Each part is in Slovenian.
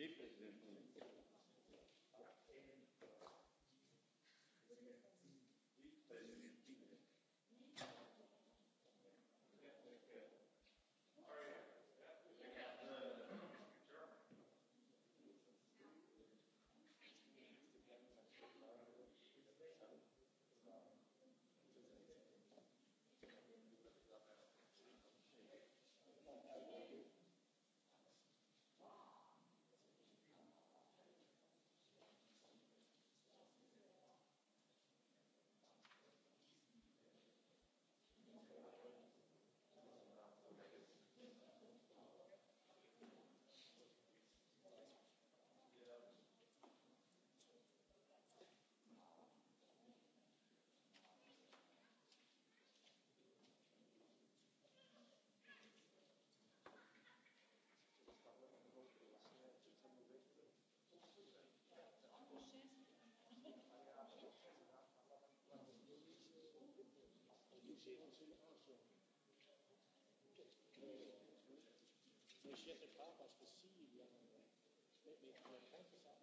des présidents. Mais je ne sais pas parce que si il y a un, mais, mais on est quand même ça.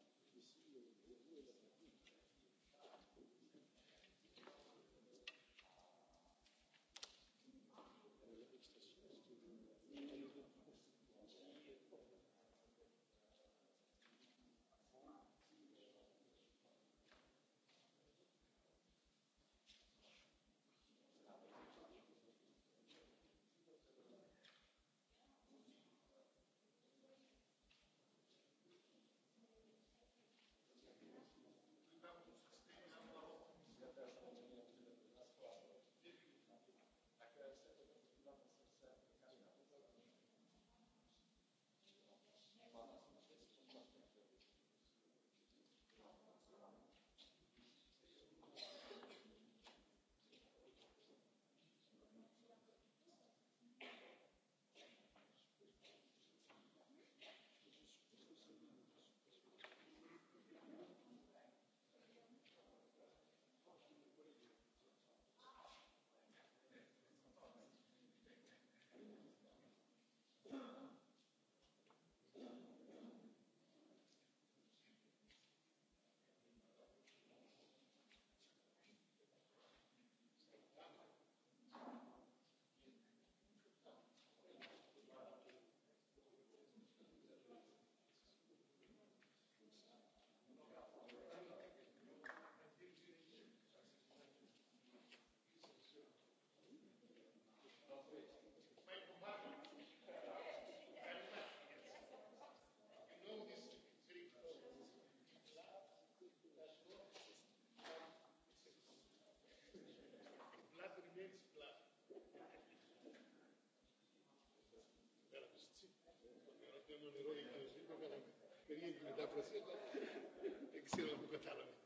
Que Dios me da presión. Que se lo ha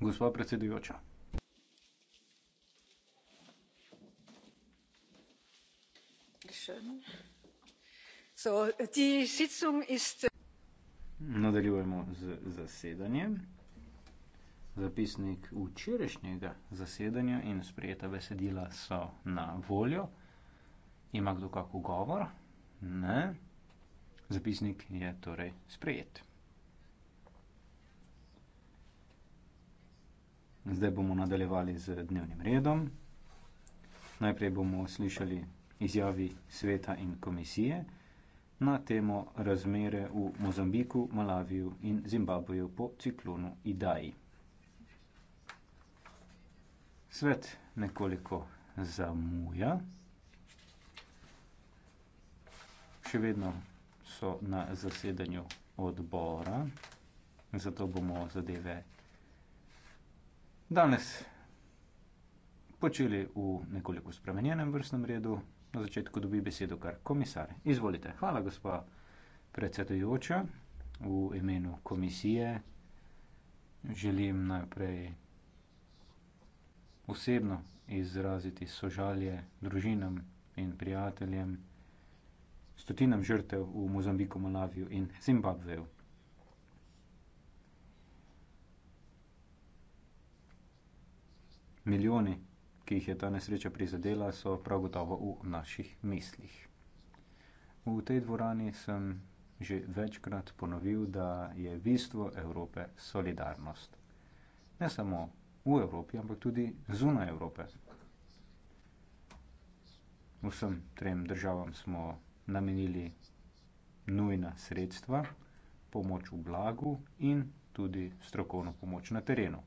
gospa predsedujoča äh, nadaljujemo z zasedanjem zapisnik včerajšnjega zasedanja in sprejeta besedila so na voljo ima kdo kak ugovor ne zapisnik je torej sprejet Zdaj bomo nadaljevali z dnevnim redom. Najprej bomo slišali izjavi sveta in komisije na temo razmere v Mozambiku, Malaviju in Zimbabveju po ciklonu Idaji. Svet nekoliko zamuja. Še vedno so na zasedanju odbora, zato bomo zadeve Danes počeli v nekoliko spremenjenem vrstnem redu. Na začetku dobi besedo kar komisar. Izvolite. Hvala, gospa predsedujoča. V imenu komisije želim najprej osebno izraziti sožalje družinam in prijateljem stotinam žrtev v Mozambiku, Malaviju in Zimbabveju. Milijoni, ki jih je ta nesreča prizadela, so prav gotovo v naših mislih. V tej dvorani sem že večkrat ponovil, da je bistvo Evrope solidarnost. Ne samo v Evropi, ampak tudi zunaj Evrope. Vsem trem državam smo namenili nujna sredstva, pomoč v blagu in tudi strokovno pomoč na terenu.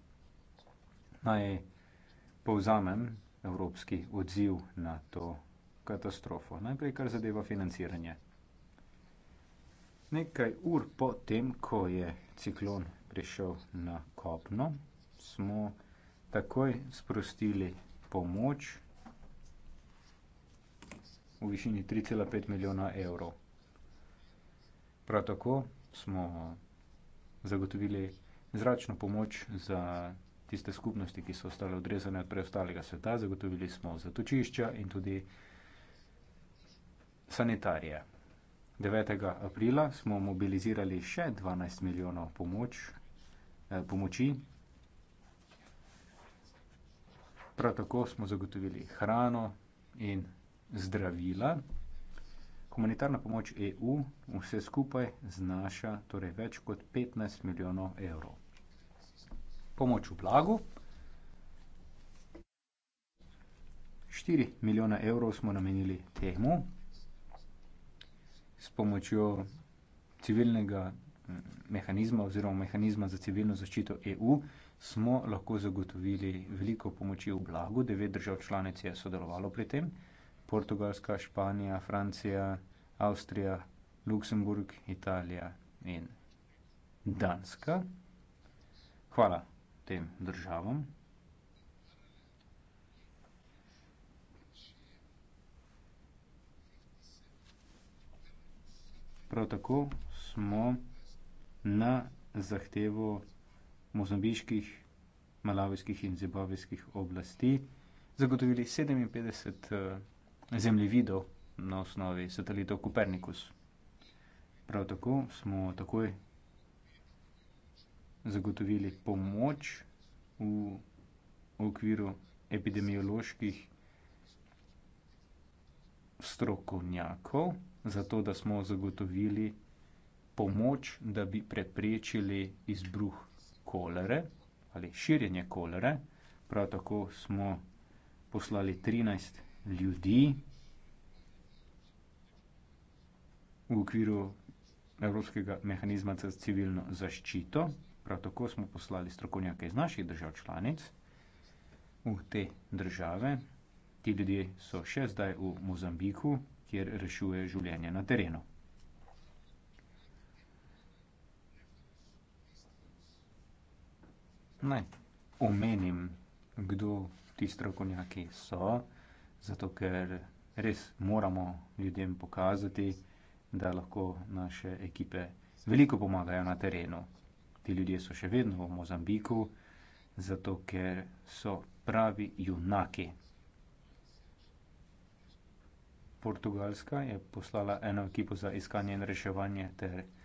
Naj povzamem evropski odziv na to katastrofo. Najprej, kar zadeva financiranje. Nekaj ur po tem, ko je ciklon prišel na kopno, smo takoj sprostili pomoč v višini 3,5 milijona evrov. Prav tako smo zagotovili zračno pomoč za tiste skupnosti, ki so ostale odrezane od preostalega sveta, zagotovili smo zatočišča in tudi sanitarije. 9. aprila smo mobilizirali še 12 milijonov pomoč, eh, pomoči. Prav tako smo zagotovili hrano in zdravila. Humanitarna pomoč EU vse skupaj znaša torej več kot 15 milijonov evrov pomoč v blagu. 4 milijona evrov smo namenili temu, s pomočjo civilnega mm, mehanizma oziroma mehanizma za civilno zaščito EU smo lahko zagotovili veliko pomoči v blagu. Devet držav članic je sodelovalo pri tem. Portugalska, Španija, Francija, Avstrija, Luksemburg, Italija in Danska. Hvala tem državam. Prav tako smo na zahtevo mozambiških, malavijskih in zimbabvijskih oblasti zagotovili 57 eh, zemljevidov na osnovi satelitov Kopernikus. Prav tako smo takoj zagotovili pomoč v okviru epidemioloških strokovnjakov zato da smo zagotovili pomoč da bi preprečili izbruh kolere ali širjenje kolere prav tako smo poslali 13 ljudi v okviru evropskega mehanizma za civilno zaščito Prav tako smo poslali strokovnjake iz naših držav članic v te države. Ti ljudje so še zdaj v Mozambiku, kjer rešuje življenje na terenu. Naj omenim, kdo ti strokovnjaki so, zato ker res moramo ljudem pokazati, da lahko naše ekipe veliko pomagajo na terenu. Ti ljudje so še vedno v Mozambiku, zato ker so pravi junaki. Portugalska je poslala eno ekipo za iskanje in reševanje ter reševanje.